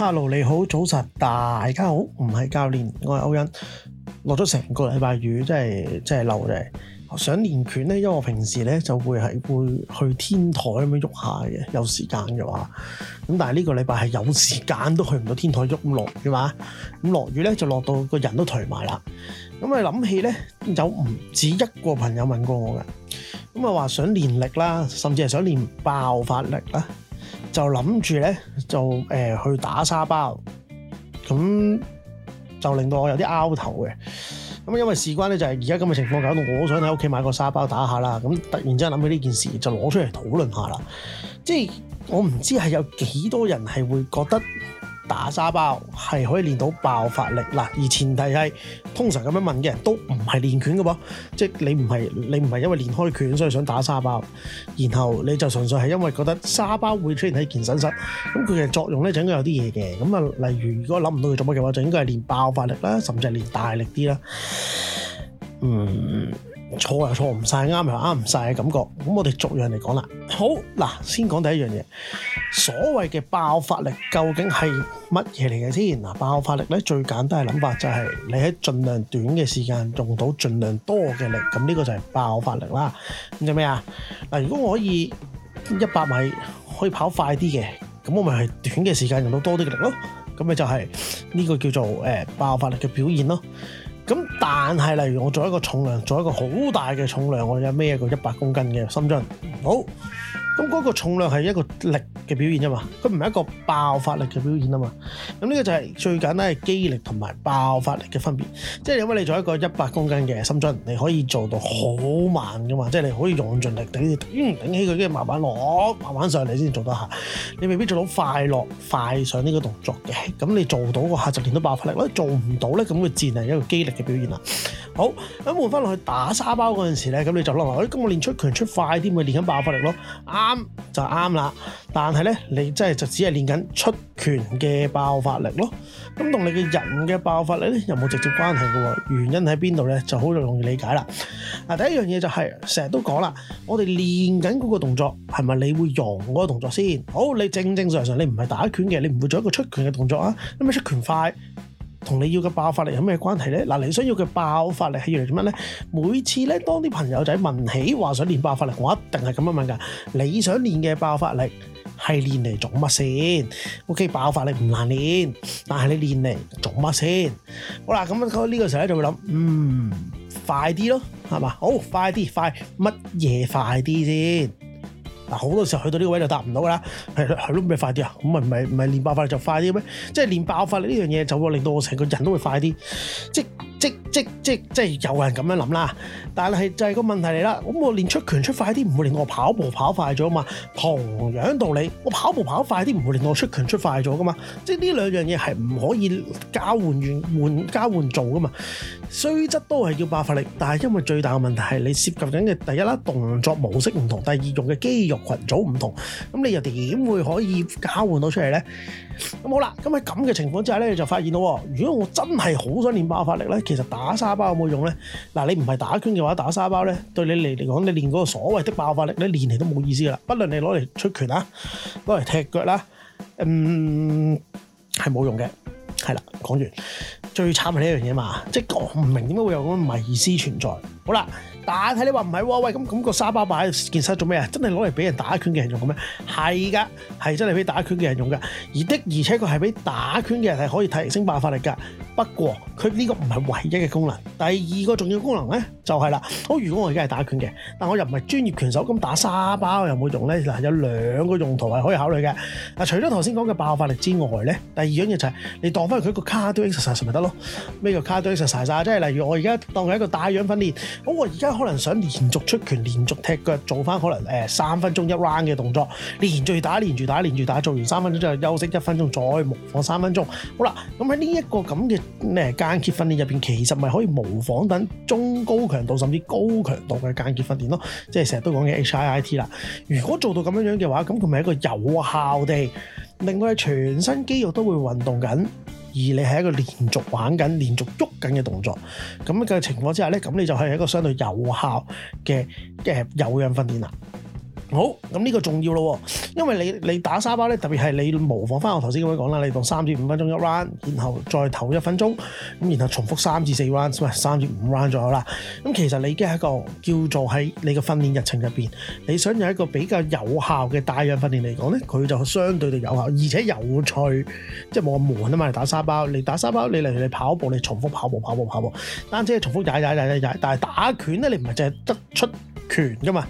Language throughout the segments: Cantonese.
哈嘍，Hello, 你好，早晨，大家好，唔係教練，我係歐恩。落咗成個禮拜雨，真係真係嬲嘅。想練拳咧，因為我平時咧就會係會去天台咁樣喐下嘅，有時間嘅話。咁但係呢個禮拜係有時間都去唔到天台喐，唔落嘅嘛。咁落雨咧就落到個人都頹埋啦。咁啊諗起咧，有唔止一個朋友問過我嘅。咁啊話想練力啦，甚至係想練爆發力啦。就諗住咧，就、呃、去打沙包，咁就令到我有啲拗頭嘅。咁因為事關咧就係而家咁嘅情況，搞到我想喺屋企買個沙包打下啦。咁突然之間諗起呢件事，就攞出嚟討論下啦。即係我唔知係有幾多人係會覺得，打沙包係可以練到爆發力嗱，而前提係通常咁樣問嘅人都唔係練拳嘅噃，即係你唔係你唔係因為練開拳所以想打沙包，然後你就純粹係因為覺得沙包會出現喺健身室，咁佢嘅作用咧就應該有啲嘢嘅，咁啊例如如果諗唔到佢做乜嘅話，就應該係練爆發力啦，甚至係練大力啲啦。嗯，錯又錯唔晒，啱又啱唔晒嘅感覺。咁我哋逐樣嚟講啦。好，嗱，先講第一樣嘢。所謂嘅爆發力究竟係乜嘢嚟嘅先？嗱，爆發力咧最簡單嘅諗法就係你喺盡量短嘅時間用到盡量多嘅力，咁呢個就係爆發力啦。咁就咩啊？嗱，如果我可以一百米可以跑快啲嘅，咁我咪係短嘅時間用到多啲嘅力咯。咁咪就係呢個叫做誒、呃、爆發力嘅表現咯。咁但係，例如我做一個重量，做一個好大嘅重量，我有孭一個一百公斤嘅深蹲。好。咁嗰個重量係一個力嘅表現啊嘛，佢唔係一個爆發力嘅表現啊嘛。咁呢個就係最簡單係肌力同埋爆發力嘅分別。即係有乜你做一個一百公斤嘅深蹲，你可以做到好慢噶嘛，即係你可以用盡力頂頂起佢，跟住慢慢落，慢慢上嚟先至做得下。你未必做到快落快上呢個動作嘅。咁你做到個下就練到爆發力啦，做唔到咧，咁佢自然係一個肌力嘅表現啦。好，咁換翻落去打沙包嗰陣時咧，咁你就諗話。咦、欸，咁我練出拳出快啲咪練緊爆發力咯？啱就啱啦。但係咧，你真係就只係練緊出拳嘅爆發力咯。咁同你個人嘅爆發力咧又冇直接關係嘅喎。原因喺邊度咧？就好容易理解啦。嗱，第一樣嘢就係成日都講啦，我哋練緊嗰個動作係咪你會用嗰個動作先？好，你正正常常你唔係打拳嘅，你唔會做一個出拳嘅動作啊，一味出拳快。同你要嘅爆發力有咩關係咧？嗱，你想要嘅爆發力係要嚟做乜咧？每次咧，當啲朋友仔問起話想練爆發力，我一定係咁樣問㗎。你想練嘅爆發力係練嚟做乜先？OK，爆發力唔難練，但係你練嚟做乜先？好啦，咁呢個時候咧就會諗，嗯，快啲咯，係嘛？好，快啲，快，乜嘢快啲先？好多時候去到呢個位就答唔到㗎啦，係咯，係咪快啲啊！咁咪咪練爆發力就快啲咩？即係練爆發力呢樣嘢，就令到我成個人都會快啲，即即。即即即係有人咁樣諗啦，但係就係個問題嚟啦。咁我練出拳出快啲，唔會令我跑步跑快咗啊嘛。同樣道理，我跑步跑快啲，唔會令我出拳出快咗噶嘛。即係呢兩樣嘢係唔可以交換完換交換做噶嘛。雖則都係要爆發力，但係因為最大嘅問題係你涉及緊嘅第一啦動作模式唔同，第二用嘅肌肉群組唔同，咁你又點會可以交換到出嚟呢？咁好啦，咁喺咁嘅情況之下呢，你就發現到如果我真係好想練爆發力呢。其實打打沙包有冇用咧？嗱，你唔係打拳嘅話，打沙包咧，對你嚟嚟講，你練嗰個所謂的爆發力你練嚟都冇意思噶啦。不論你攞嚟出拳啦，攞嚟踢腳啦，嗯，係冇用嘅。係啦，講完最慘係呢樣嘢嘛，即係我唔明點解會有咁嘅迷思存在。好啦，但係你話唔係喎，喂，咁、那、咁個沙包擺喺健身室做咩啊？真係攞嚟俾人打拳嘅人用嘅咩？係噶，係真係俾打拳嘅人用噶，而的而且佢係俾打拳嘅人係可以提升爆發力噶。不過佢呢個唔係唯一嘅功能，第二個重要功能咧就係、是、啦。好，如果我而家係打拳嘅，但我又唔係專業拳手，咁打沙包有冇用咧？嗱、啊，有兩個用途係可以考慮嘅。嗱、啊，除咗頭先講嘅爆發力之外咧，第二樣嘢就係、是、你當翻佢一個 cardio exercise 咪得咯？咩叫 cardio exercise？即係例如我而家當係一個帶氧訓練，咁我而家可能想連續出拳、連續踢腳做翻可能誒三、呃、分鐘一 round 嘅動作，連住打、連住打、連住打，做完三分鐘之後休息一分鐘，再模仿三分鐘。好啦，咁喺呢一個咁嘅。誒間歇訓練入邊其實咪可以模仿等中高強度甚至高強度嘅間歇訓練咯，即係成日都講嘅 HIIT 啦。如果做到咁樣樣嘅話，咁佢咪一個有效地令到你全身肌肉都會運動緊，而你係一個連續玩緊、連續喐緊嘅動作咁嘅情況之下咧，咁你就係一個相對有效嘅誒、呃、有氧訓練啦。好，咁呢個重要咯，因為你你打沙包咧，特別係你模仿翻我頭先咁樣講啦，你當三至五分鐘一 round，然後再唞一分鐘，咁然後重複三至四 round，三至五 round 左右啦。咁其實你已經係一個叫做喺你個訓練日程入面，你想有一個比較有效嘅帶氧訓練嚟講咧，佢就相對地有效，而且有趣，即係冇咁悶啊嘛！你打沙包，你打沙包，你嚟嚟你跑步，你重複跑步、跑步、跑步、單車重複踩踩踩踩踩踩，但係打拳咧，你唔係淨係得出。拳噶嘛，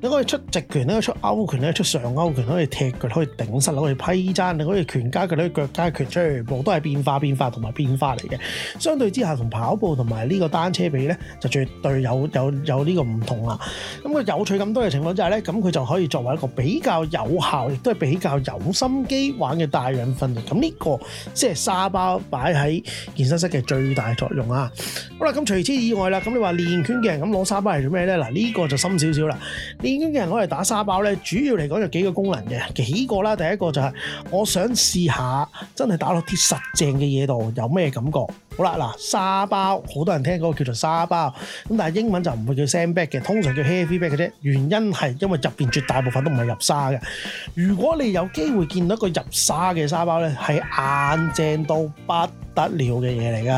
你可以出直拳咧，可以出勾拳咧，可以出上勾拳，可以踢佢，可以頂膝，可以批踭，你可以拳加腳，可以腳加拳出去，全部都係變化變化同埋變化嚟嘅。相對之下，同跑步同埋呢個單車比咧，就絕對有有有呢個唔同啦。咁佢有趣咁多嘅情況就係咧，咁佢就可以作為一個比較有效，亦都係比較有心機玩嘅帶氧訓練。咁呢個即係沙包擺喺健身室嘅最大作用啊！好啦，咁除此以外啦，咁你話練拳嘅人咁攞沙包嚟做咩咧？嗱，呢個。就深少少啦，練兵嘅人攞嚟打沙包咧，主要嚟講就幾個功能嘅，幾個啦，第一個就係我想試下真係打落啲實正嘅嘢度有咩感覺？好啦，嗱沙包好多人聽嗰個叫做沙包，咁但係英文就唔會叫 sandbag 嘅，通常叫 heavy bag 嘅啫。原因係因為入邊絕大部分都唔係入沙嘅。如果你有機會見到個入沙嘅沙包咧，係硬正到不～得了嘅嘢嚟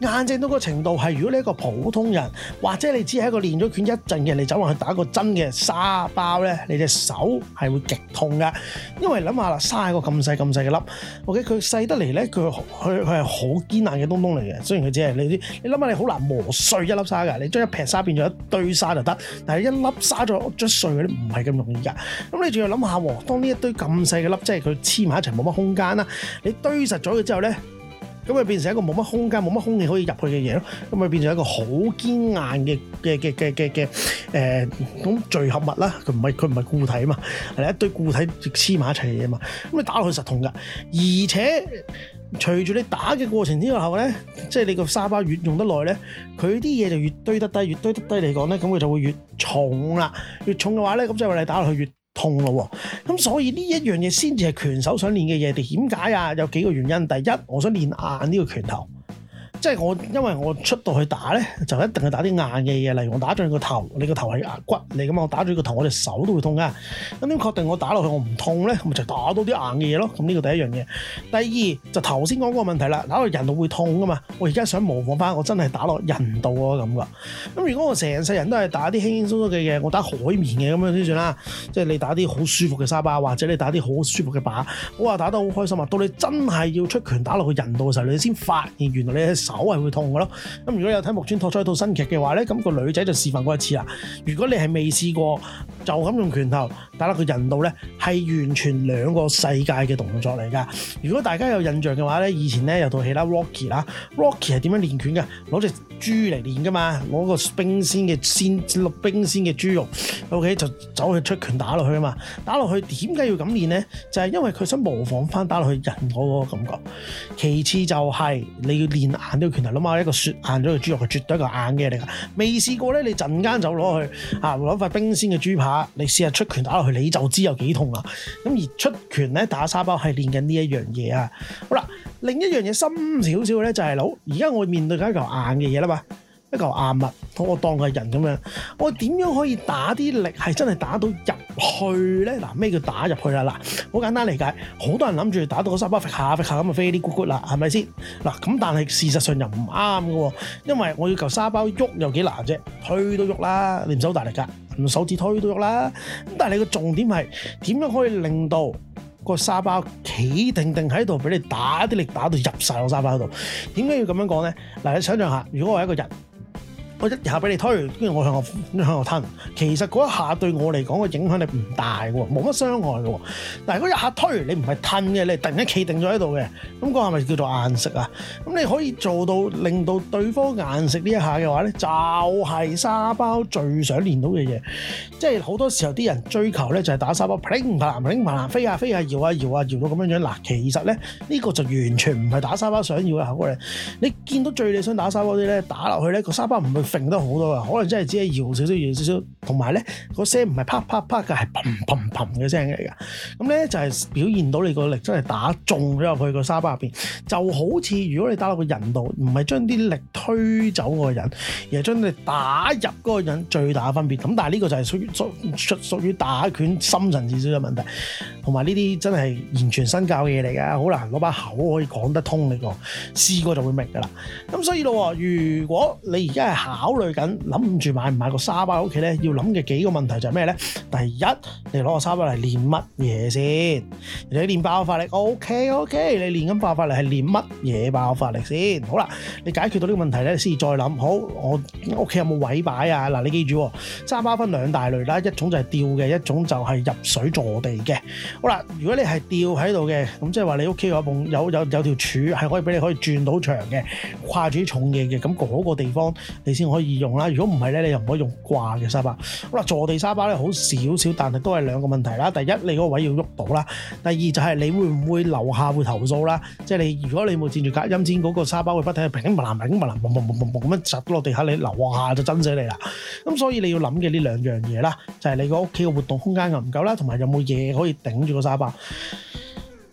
㗎，硬正到個程度係，如果你一個普通人，或者你只係一個練咗拳一陣嘅，你走落去打個真嘅沙包咧，你隻手係會極痛㗎。因為諗下啦，沙係個咁細咁細嘅粒，OK，佢細得嚟咧，佢佢佢係好堅硬嘅東東嚟嘅。雖然佢只係你啲，你諗下你好難磨碎一粒沙㗎。你將一劈沙變咗一堆沙就得，但係一粒沙再碎佢都唔係咁容易㗎。咁你仲要諗下，當呢一堆咁細嘅粒，即係佢黐埋一齊冇乜空間啦，你堆實咗佢之後咧。咁咪變成一個冇乜空間、冇乜空氣可以入去嘅嘢咯。咁咪變成一個好堅硬嘅嘅嘅嘅嘅嘅誒咁聚合物啦。佢唔係佢唔係固體啊嘛，係一堆固體黐埋一齊嘅嘢嘛。咁你打落去實痛㗎。而且隨住你打嘅過程之後咧，即係你個沙包越用得耐咧，佢啲嘢就越堆得低，越堆得低嚟講咧，咁佢就，就會越重啦。越重嘅話咧，咁即係話你打落去越。痛咯，咁所以呢一樣嘢先至係拳手想練嘅嘢。點解呀、啊？有幾個原因。第一，我想練硬呢個拳頭。即係我，因為我出到去打咧，就一定係打啲硬嘅嘢。例如我打中個頭，你個頭係牙骨嚟咁，我打中個頭，我隻手都會痛噶。咁點確定我打落去我唔痛咧？咁咪就打到啲硬嘅嘢咯。咁呢個第一樣嘢。第二就頭先講嗰個問題啦。打落人道會痛噶嘛？我而家想模仿翻，我真係打落人道啊咁噶。咁如果我成世人都係打啲輕輕鬆鬆嘅嘢，我打海綿嘅咁樣先算啦。即係你打啲好舒服嘅沙包，或者你打啲好舒服嘅靶，我話打得好開心啊！到你真係要出拳打落去人道嘅時候，你先發現原來你隻手。狗係會痛嘅咯。咁如果有睇木村拓哉套新劇嘅話咧，咁個女仔就示範過一次啦。如果你係未試過，就咁用拳頭打落去人度，咧係完全兩個世界嘅動作嚟㗎。如果大家有印象嘅話咧，以前咧有套戲啦 Rocky 啦，Rocky 係點樣練拳嘅？攞隻豬嚟練㗎嘛，攞個冰鮮嘅鮮落冰鮮嘅豬肉，OK 就走去出拳打落去啊嘛。打落去點解要咁練咧？就係因為佢想模仿翻打落去人嗰個感覺。其次就係你要練呢啲拳頭諗下，一個雪硬咗嘅豬肉係絕對一個硬嘅嘢嚟噶，未試過咧，你陣間就攞去啊，攞塊冰鮮嘅豬扒，你試下出拳打落去，你就知道有幾痛啦。咁而出拳咧打沙包係練緊呢一樣嘢啊。好啦，另一樣嘢深少少咧就係、是、老，而家我面對緊一嚿硬嘅嘢啦嘛。一嚿硬物、啊，我當佢係人咁樣，我點樣可以打啲力係真係打到入去咧？嗱，咩叫打入去啊？嗱，好簡單理解，好多人諗住打到個沙包揈下揈下咁啊飛啲咕咕啦，係咪先？嗱，咁但係事實上又唔啱嘅，因為我要嚿沙包喐又幾難啫，推都喐啦，你唔使好大力㗎，用手指推都喐啦。咁但係你個重點係點樣可以令到個沙包企定定喺度，俾你打啲力打到入晒落沙包度？點解要咁樣講咧？嗱，你想像下，如果我係一個人。我一下俾你推，跟住我向後向後吞。其實嗰一下對我嚟講嘅影響力唔大嘅，冇乜傷害嘅。但係如果一下推，你唔係吞嘅，你突然間企定咗喺度嘅，咁嗰下咪叫做硬食啊！咁你可以做到令到對方硬食呢一下嘅話咧，就係沙包最想練到嘅嘢。即係好多時候啲人追求咧就係打沙包，pling pling 飛下飛下搖啊搖啊搖到咁樣樣。嗱，其實咧呢個就完全唔係打沙包想要嘅效果。你見到最理想打沙包啲咧，打落去咧個沙包唔會定得好多啊，可能真係只係搖少少、搖少少。同埋咧，個聲唔係啪啪啪嘅，係砰砰砰嘅聲嚟㗎。咁咧就係表現到你個力真係打中咗入去個沙包入邊，就好似如果你打落個人度，唔係將啲力推走個人，而係將你打入個個人最大嘅分別。咁但係呢個就係屬於屬於打拳深層次嘅問題，同埋呢啲真係完全身教嘅嘢嚟㗎。好難攞把口可以講得通呢個，試過就會明㗎啦。咁所以咯，如果你而家係考慮緊諗住買唔買個沙包喺屋企咧，要諗嘅幾個問題就係咩咧？第一，你攞個沙包嚟練乜嘢先？你練爆發力，O K O K。OK, OK, 你練緊爆發力係練乜嘢爆發力先？好啦，你解決到呢個問題咧，先再諗。好，我屋企有冇位擺啊？嗱，你記住，沙包分兩大類啦，一種就係吊嘅，一種就係入水坐地嘅。好啦，如果你係吊喺度嘅，咁即係話你屋企有埲有有有條柱係可以俾你可以轉到牆嘅，跨住啲重嘢嘅，咁嗰個地方你先。可以用啦，如果唔係咧，你又唔可以用掛嘅沙包。好啦，坐地沙包咧好少少，但係都係兩個問題啦。第一，你嗰個位要喐到啦；第二，就係你會唔會樓下會投訴啦？即係你如果你冇墊住隔音墊，嗰個沙包會不停平平平平埋埋、嘣嘣嘣嘣咁樣砸落地下，你樓下就真死你啦。咁、啊、所以你要諗嘅呢兩樣嘢啦，就係、是、你個屋企嘅活動空間又唔夠啦，同埋有冇嘢可以頂住個沙包。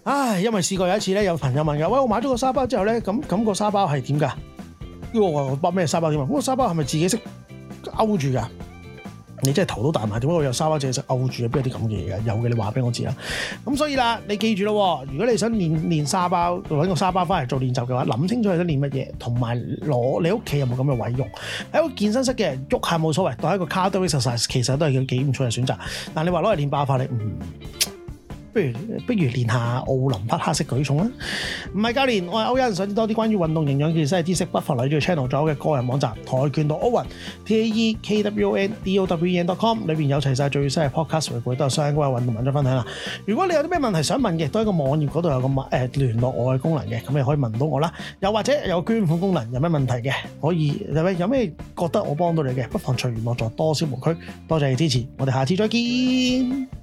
唉，因為試過有一次咧，有朋友問噶，喂，我買咗個沙包之後咧，咁咁個沙包係點噶？呢個我話我把咩沙包點啊？我、嗰個、沙包係咪自己識勾住㗎？你真係頭都大埋，點解我有沙包自己識勾住啊？邊有啲咁嘅嘢㗎？有嘅，你話俾我知啦。咁所以啦，你記住咯。如果你想練練沙包，揾個沙包翻嚟做練習嘅話，諗清楚你想練乜嘢，同埋攞你屋企有冇咁嘅位用，喺個健身室嘅喐下，冇所謂，當係一個 cardio exercise 其實都係幾唔錯嘅選擇。但你話攞嚟練爆發力，唔。嗯不如不如練下奧林匹克式舉重啦！唔係教練，我係歐恩，想知多啲關於運動營養健身嘅知識，不妨嚟咗 channel 咗嘅個人網站跆拳道歐恩 T A E K W N D O W E N dot com，裏邊有齊晒最新嘅 podcast 嘅攰，都係相關運動文章分享啦。如果你有啲咩問題想問嘅，都喺個網頁嗰度有個誒聯絡我嘅功能嘅，咁你可以問到我啦。又或者有捐款功能，有咩問題嘅可以有咩覺得我幫到你嘅，不妨隨緣樂助多少無拘。多謝你支持，我哋下次再見。